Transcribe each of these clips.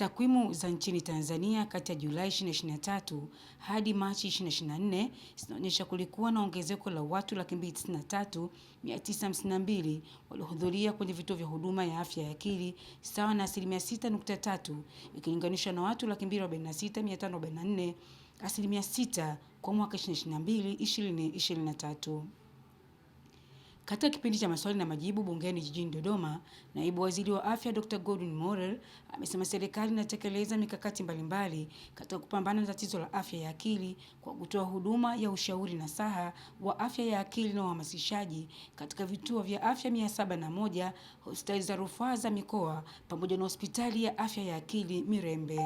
Takwimu za nchini Tanzania kati ya Julai 2023 hadi Machi 2024 zinaonyesha kulikuwa na ongezeko la watu 293,952 waliohudhuria kwenye vituo vya huduma ya afya ya akili sawa na asilimia 6.3 ikilinganishwa na watu 246,544, asilimia 6 kwa mwaka 2022/2023. Katika kipindi cha maswali na majibu bungeni jijini Dodoma, naibu waziri wa afya Dr. Godwin Mollel amesema serikali inatekeleza mikakati mbalimbali katika kupambana na tatizo la afya ya akili kwa kutoa huduma ya ushauri na saha wa afya ya akili na uhamasishaji katika vituo vya afya moja hospitali za rufaa za mikoa pamoja na hospitali ya afya ya akili Mirembe.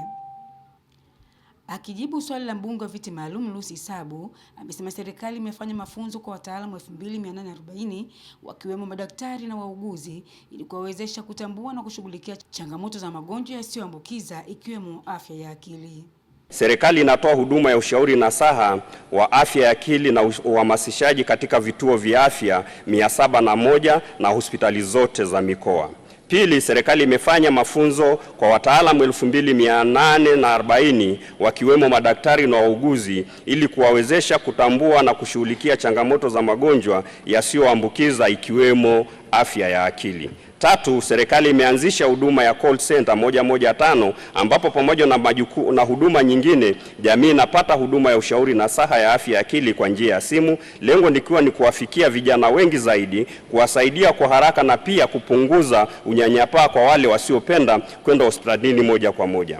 Akijibu swali la mbunge wa viti maalum Lucy Sabu amesema serikali imefanya mafunzo kwa wataalamu 2840 wakiwemo madaktari na wauguzi ili kuwawezesha kutambua na kushughulikia changamoto za magonjwa yasiyoambukiza ikiwemo afya ya akili. Serikali inatoa huduma ya ushauri na saha wa afya ya akili na uhamasishaji katika vituo vya afya 701 na hospitali zote za mikoa. Pili, serikali imefanya mafunzo kwa wataalamu 2840 wakiwemo madaktari na wauguzi ili kuwawezesha kutambua na kushughulikia changamoto za magonjwa yasiyoambukiza ikiwemo afya ya akili. Tatu, serikali imeanzisha huduma ya call center moja moja tano ambapo pamoja na, majuku, na huduma nyingine jamii inapata huduma ya ushauri na saha ya afya ya akili kwa njia ya simu, lengo likiwa ni kuwafikia vijana wengi zaidi, kuwasaidia kwa haraka na pia kupunguza unyanyapaa kwa wale wasiopenda kwenda hospitalini moja kwa moja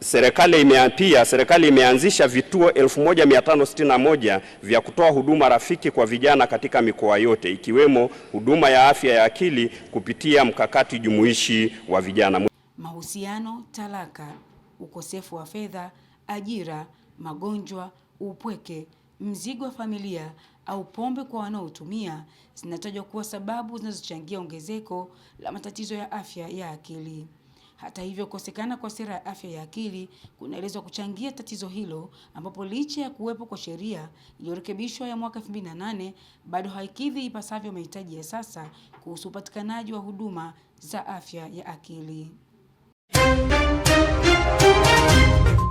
serikali imeapia serikali imeanzisha vituo 1561 vya kutoa huduma rafiki kwa vijana katika mikoa yote ikiwemo huduma ya afya ya akili kupitia mkakati jumuishi wa vijana. Mahusiano, talaka, ukosefu wa fedha, ajira, magonjwa, upweke, mzigo wa familia au pombe kwa wanaotumia zinatajwa kuwa sababu zinazochangia ongezeko la matatizo ya afya ya akili. Hata hivyo, kosekana kwa sera ya afya ya akili kunaelezwa kuchangia tatizo hilo, ambapo licha ya kuwepo kwa sheria iliyorekebishwa ya mwaka 2008 bado haikidhi ipasavyo mahitaji ya sasa kuhusu upatikanaji wa huduma za afya ya akili.